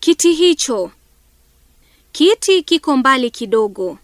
Kiti hicho. Kiti kiko mbali kidogo.